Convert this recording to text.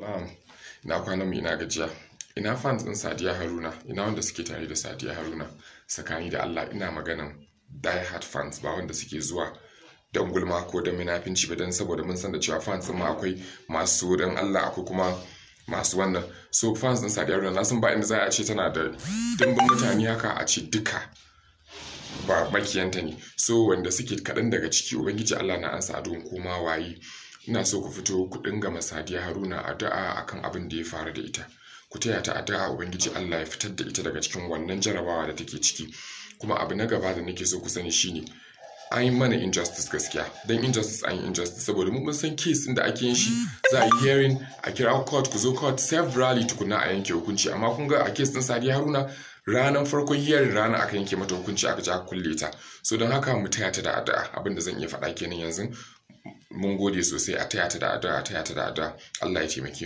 Salam. Ina kwana mu ina gajiya. Ina fans din Sadiya Haruna, ina wanda suke tare da Sadiya Haruna. Tsakani da Allah ina maganan die hard fans ba wanda suke zuwa don gulma ko don munafinci ba don saboda mun san da cewa fans ma akwai masu don Allah akwai kuma masu wannan so fans din Sadiya Haruna na san ba inda za a ce tana da dimbin mutane haka a ce duka ba makiyanta ne so wanda suke kaɗan daga ciki ubangiji Allah na ansa a don koma waye ina so ku fito ku dinga ma Sadiya Haruna addu'a akan abin da ya faru da ita ku taya ta addu'a ubangiji Allah ya fitar da ita daga cikin wannan jarabawa da take ciki kuma abu na gaba da nake so ku sani shine an yi mana injustice gaskiya don injustice an yi injustice saboda mun san case inda ake yin shi za a yi hearing a kira court ku zo court severally tukuna a yanke hukunci amma kun ga a case din Sadiya Haruna ranar farko hearing rana aka yanke mata hukunci aka ja kulle ta so don haka mu taya ta da addu'a abin da zan iya faɗa kenan yanzu mun gode sosai a taya ta da addu'a a taya ta da addu'a Allah ya taimake